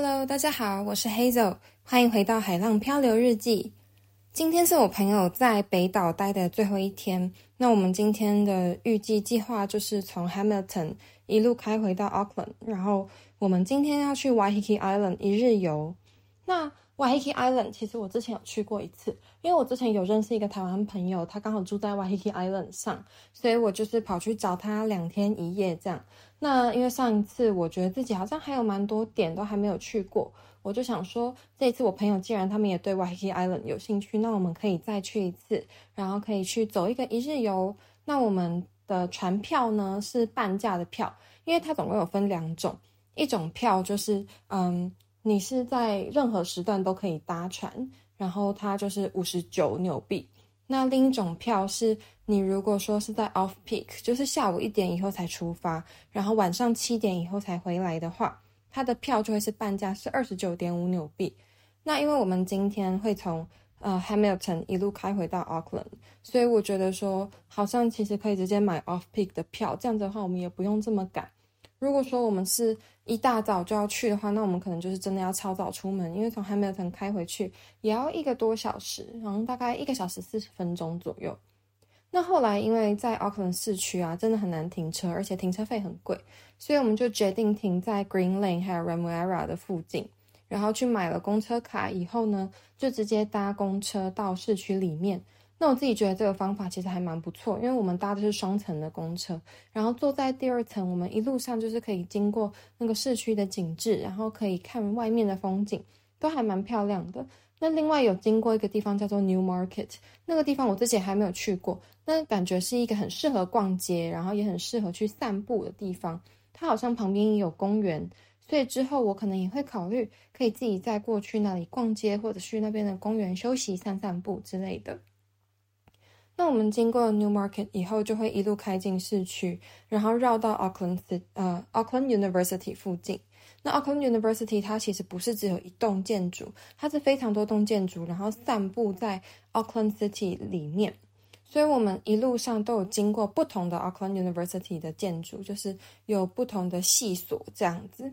Hello，大家好，我是 Hazel，歡迎回到海浪漂流日記。今天是我朋友在北島待的最後一天，那我們今天的預計計劃就是從 Hamilton 一路開回到 Auckland，然後我們今天要去 Waiheke Island 一日遊。那 Waiheke Island 其實我之前有去過一次，因為我之前有認識一個台灣朋友，他剛好住在 Waiheke Island 上，所以我就是跑去找他兩天一夜這樣。那因為上一次我覺得自己好像還有蠻多點都還沒有去過，我就想說這一次我朋友既然他們也對 Waiheke Island 有興趣，那我們可以再去一次，然後可以去走一個一日遊。那我們的船票呢是半價的票，因為它總共有分兩種，一種票就是嗯。你是在任何時段都可以搭船，然後它就是五十九紐幣。那另一種票是，你如果說是在 off peak，就是下午一點以後才出發，然後晚上七點以後才回來的話，它的票就會是半價，是二十九點五紐幣。那因為我們今天會從呃 Hamilton 一路開回到 Auckland，所以我覺得說好像其實可以直接買 off peak 的票，這樣子的話我們也不用這麼趕。如果說我們是一大早就要去的話，那我們可能就是真的要超早出門，因為從 Hamilton 開回去也要一個多小時，然後大概一個小時四十分鐘左右。那後來因為在 Auckland 市區啊，真的很難停車，而且停車費很貴，所以我們就決定停在 Green Lane 還有 Remuera 的附近，然後去買了公車卡以後呢，就直接搭公車到市區裡面。那我自己覺得這個方法其實還蠻不錯，因為我們搭的是雙層的公車，然後坐在第二層，我們一路上就是可以經過那個市區的景致，然後可以看外面的風景，都還蠻漂亮的。那另外有經過一個地方叫做 New Market，那個地方我自己還沒有去過，那感覺是一個很適合逛街，然後也很適合去散步的地方。它好像旁邊也有公園，所以之後我可能也會考慮可以自己再過去那裡逛街，或者去那邊的公園休息、散散步之類的。那我們經過了 New Market 以後，就會一路開進市區，然後繞到 Auckland 呃、uh, Auckland University 附近。那 Auckland University 它其實不是只有一棟建築，它是非常多棟建築，然後散佈在 Auckland City 裡面。所以，我們一路上都有經過不同的 Auckland University 的建築，就是有不同的系所這樣子。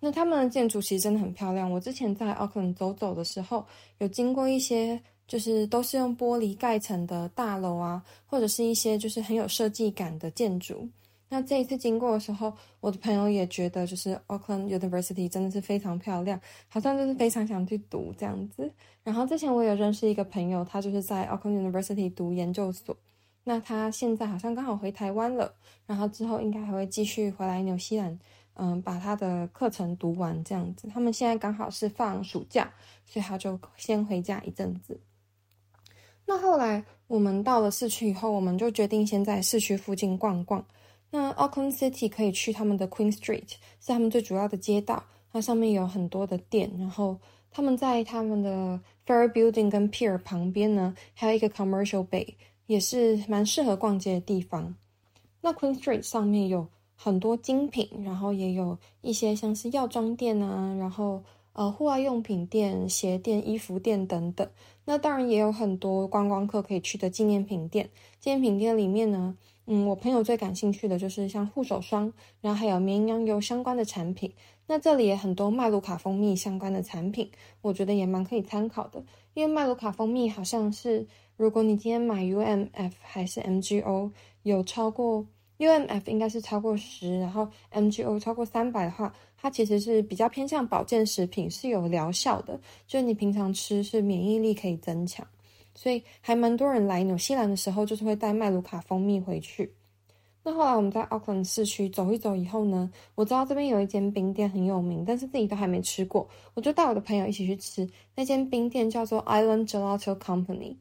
那他們的建築其實真的很漂亮。我之前在 Auckland 走走的時候，有經過一些。就是都是用玻璃蓋成的大樓啊，或者是一些就是很有設計感的建築。那這一次經過的時候，我的朋友也覺得就是 Auckland University 真的是非常漂亮，好像就是非常想去讀這樣子。然後之前我有認識一個朋友，他就是在 Auckland University 讀研究所，那他現在好像剛好回台灣了，然後之後應該還會繼續回來紐西蘭，嗯，把他的課程讀完這樣子。他們現在剛好是放暑假，所以他就先回家一陣子。那後來我們到了市區以後，我們就決定先在市區附近逛逛。那 Auckland City 可以去他們的 Queen Street，是他們最主要的街道，那上面有很多的店。然後他們在他們的 Ferry Building 跟 Pier 旁邊呢，還有一個 Commercial Bay，也是蠻適合逛街的地方。那 Queen Street 上面有很多精品，然後也有一些像是藥妝店吶、啊，然後。呃，戶外用品店、鞋店、衣服店等等，那當然也有很多觀光客可以去的紀念品店。紀念品店裡面呢，嗯，我朋友最感興趣的就是像護手霜，然後還有綿羊油相關的產品。那這裡也很多麥盧卡蜂蜜相關的產品，我覺得也蠻可以參考的，因為麥盧卡蜂蜜好像是，如果你今天買 U M F 還是 M G O，有超過。UMF 應該是超過十，然後 MGO 超過三百的話，它其實是比較偏向保健食品，是有療效的。就是你平常吃是免疫力可以增強，所以還蠻多人來紐西蘭的時候就是會帶麥盧卡蜂蜜回去。那後來我們在奧克蘭市區走一走以後呢，我知道這邊有一間冰店很有名，但是自己都還沒吃過，我就帶我的朋友一起去吃。那間冰店叫做 Island Gelato Company。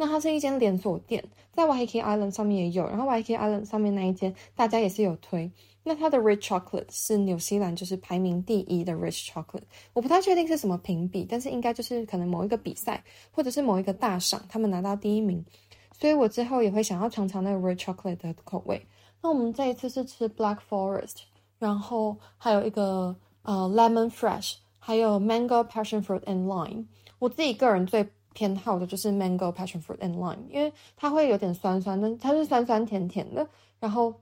那它是一間連鎖店，在 Waiheke Island 上面也有，然後 Waiheke Island 上面那一間大家也是有推。那它的 Rich Chocolate 是紐西蘭就是排名第一的 Rich Chocolate，我不太確定是什麼評比，但是應該就是可能某一個比賽或者是某一個大賞，他們拿到第一名，所以我之後也會想要嚐嚐那個 Rich Chocolate 的口味。那我們這一次是吃 Black Forest，然後還有一個呃 Lemon Fresh，還有 Mango Passion Fruit and Lime。我自己個人最。偏好的就是 mango passion fruit and lime，因為它會有點酸酸的，它是酸酸甜甜的，然後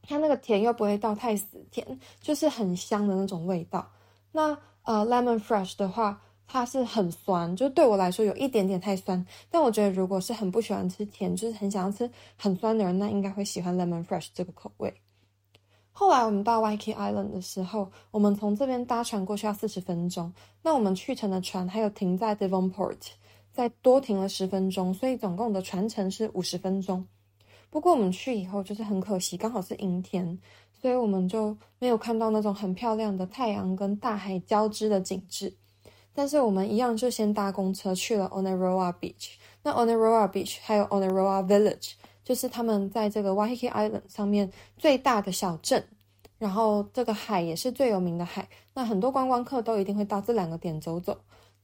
它那個甜又不會到太死甜，就是很香的那種味道。那呃 lemon fresh 的話，它是很酸，就對我來說有一點點太酸，但我覺得如果是很不喜歡吃甜，就是很想要吃很酸的人，那應該會喜歡 lemon fresh 這個口味。後來我們到 Waiheke Island 的時候，我們從這邊搭船過去要四十分鐘，那我們去程的船還有停在 Devonport。再多停了十分鐘，所以總共的船程是五十分鐘。不過我們去以後就是很可惜，剛好是陰天，所以我們就沒有看到那種很漂亮的太陽跟大海交織的景致。但是我們一樣就先搭公車去了 Oneroa Beach。那 Oneroa Beach 還有 Oneroa Village，就是他們在這個 Waiheke Island 上面最大的小鎮。然後這個海也是最有名的海，那很多觀光客都一定會到這兩個點走走。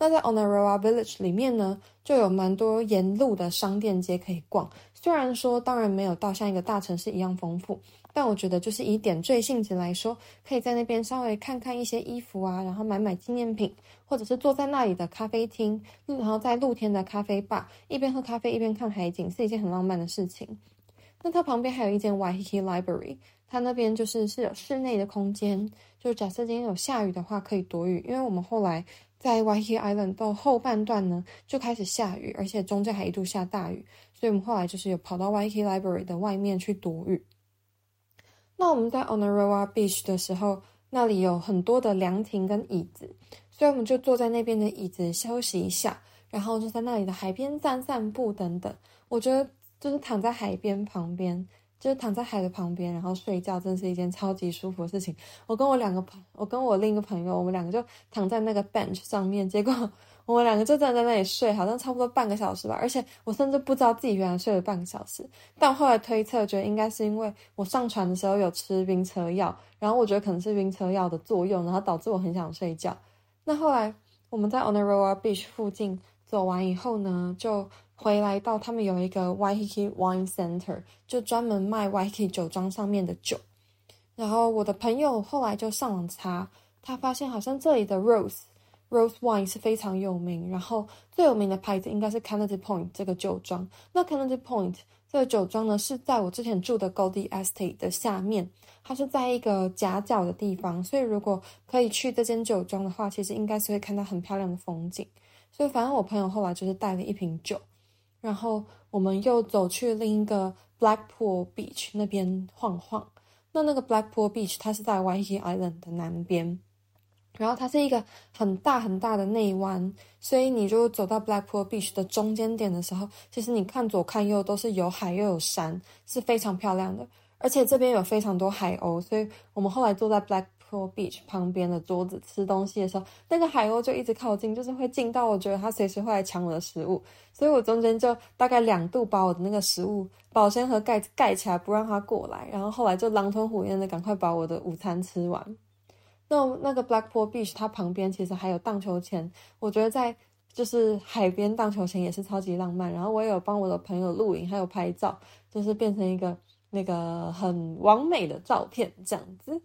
那在 Oneroa Village 裡面呢，就有蠻多沿路的商店街可以逛。雖然說當然沒有到像一個大城市一樣豐富，但我覺得就是以點綴性質來說，可以在那邊稍微看看一些衣服啊，然後買買紀念品，或者是坐在那裡的咖啡廳，然後在露天的咖啡吧一邊喝咖啡一邊看海景，是一件很浪漫的事情。那它旁邊還有一間 Waiheke、ah、Library，它那邊就是是有室內的空間，就假設今天有下雨的話可以躲雨，因為我們後來，在 Waiheke Island 到後半段呢，就開始下雨，而且中間還一度下大雨，所以我們後來就是有跑到 Waiheke Library 的外面去躲雨。那我們在 Oneroa Beach 的時候，那裡有很多的涼亭跟椅子，所以我們就坐在那邊的椅子休息一下，然後就在那裡的海邊散散步等等。我覺得就是躺在海邊旁邊。就是躺在海的旁邊，然後睡覺，真是一件超級舒服的事情。我跟我兩個朋，我跟我另一個朋友，我們兩個就躺在那個 bench 上面，結果我們兩個就站在那裡睡，好像差不多半個小時吧。而且我甚至不知道自己原來睡了半個小時。但我後來推測，覺得應該是因為我上船的時候有吃暈車藥，然後我覺得可能是暈車藥的作用，然後導致我很想睡覺。那後來我們在 Oneroa Beach 附近走完以後呢，就。回來到他們有一個 Waiheke Wine Center，就專門賣 Waiheke 酒莊上面的酒。然後我的朋友後來就上網查，他發現好像這裡的 Rose Rose Wine 是非常有名，然後最有名的牌子應該是 Kennedy Point 這個酒莊。那 Kennedy Point 這個酒莊呢，是在我之前住的 Goldie Estate 的下面，它是在一個夾角的地方，所以如果可以去這間酒莊的話，其實應該是會看到很漂亮的風景。所以反正我朋友後來就是帶了一瓶酒。然後我們又走去另一個 Blackpool Beach 那邊晃晃。那那個 Blackpool Beach 它是在 Waiheke Island 的南邊，然後它是一個很大很大的內灣，所以你就走到 Blackpool Beach 的中間點的時候，其實你看左看右都是有海又有山，是非常漂亮的。而且這邊有非常多海鷗，所以我們後來坐在 Black Blackpool Beach 旁邊的桌子吃東西的時候，那個海鷗就一直靠近，就是會近到我覺得它隨時會來搶我的食物，所以我中間就大概兩度把我的那個食物保鮮盒蓋蓋起來，不讓它過來。然後後來就狼吞虎咽的趕快把我的午餐吃完。那我那個 Blackpool Beach 它旁邊其實還有盪秋千，我覺得在就是海邊盪秋千也是超級浪漫。然後我也有幫我的朋友錄影，還有拍照，就是變成一個那個很完美的照片這樣子。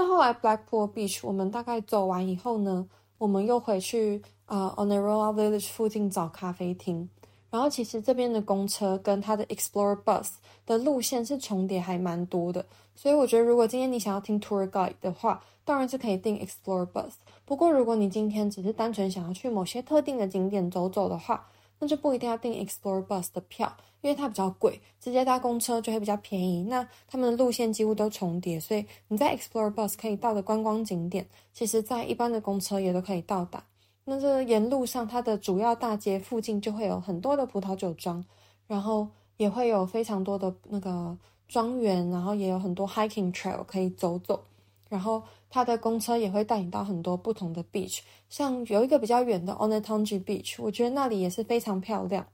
那後來 Blackpool Beach，我們大概走完以後呢，我們又回去啊、uh, Oneroa Village 附近找咖啡廳。然後其實這邊的公車跟它的 Explorer Bus 的路線是重疊還蠻多的，所以我覺得如果今天你想要聽 Tour Guide 的話，當然是可以訂 Explorer Bus。不過如果你今天只是單純想要去某些特定的景點走走的話，那就不一定要訂 Explorer Bus 的票，因為它比較貴，直接搭公車就會比較便宜。那他們的路線幾乎都重疊，所以你在 Explorer Bus 可以到的觀光景點，其實在一般的公車也都可以到達。那這沿路上它的主要大街附近就會有很多的葡萄酒莊，然後也會有非常多的那個莊園，然後也有很多 hiking trail 可以走走。然後它的公車也會帶你到很多不同的 beach，像有一個比較遠的 Onetangi Beach，我覺得那裡也是非常漂亮。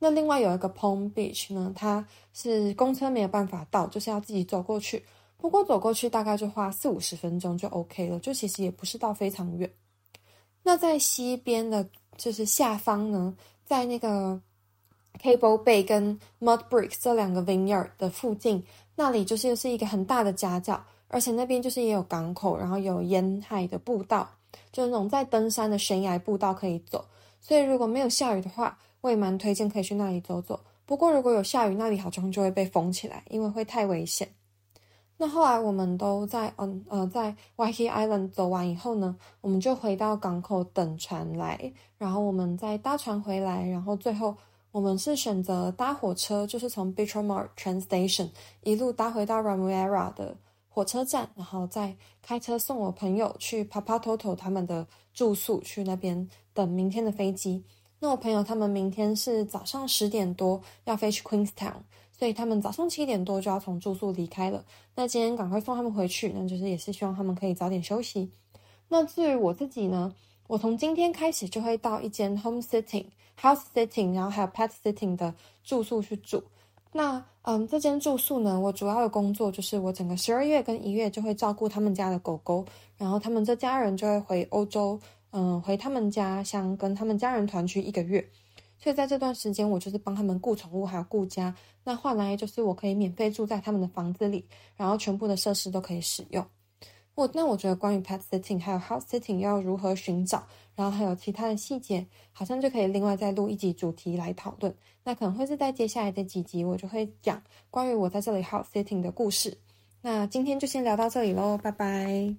那另外有一個 Palm Beach 呢，它是公車沒有辦法到，就是要自己走過去。不過走過去大概就花四五十分鐘就 OK 了，就其實也不是到非常遠。那在西邊的，就是下方呢，在那個 Cable Bay 跟 Mudbrick 這兩個 Vineyard 的附近，那裡就是又是一個很大的家教。而且那邊就是也有港口，然後有沿海的步道，就是、那種在登山的懸崖步道可以走。所以如果沒有下雨的話，我也蠻推薦可以去那裡走走。不過如果有下雨，那裡好像就會被封起來，因為會太危險。那後來我們都在嗯呃在 Waiheke Island 走完以後呢，我們就回到港口等船來，然後我們再搭船回來，然後最後我們是選擇搭火車，就是從 Britomart Train Station 一路搭回到 Remuera 的。火車站，然後再開車送我朋友去 Papa Toto 他們的住宿，去那邊等明天的飛機。那我朋友他們明天是早上十點多要飛去 Queenstown，所以他們早上七點多就要從住宿離開了。那今天趕快送他們回去，那就是也是希望他們可以早點休息。那至於我自己呢，我從今天開始就會到一間 Home Sitting、House Sitting，然後還有 Pet Sitting 的住宿去住。那嗯，這間住宿呢，我主要的工作就是我整個十二月跟一月就會照顧他們家的狗狗，然後他們這家人就會回歐洲，嗯，回他們家鄉跟他們家人團聚一個月，所以在這段時間我就是幫他們顧寵物還有顧家，那換來就是我可以免費住在他們的房子裡，然後全部的設施都可以使用。我，那我覺得關於 pet sitting 還有 house sitting 要如何尋找，然後還有其他的細節，好像就可以另外再錄一集主題來討論。那可能會是在接下來的幾集，我就會講關於我在這裡 house sitting 的故事。那今天就先聊到這裡嘍，拜拜。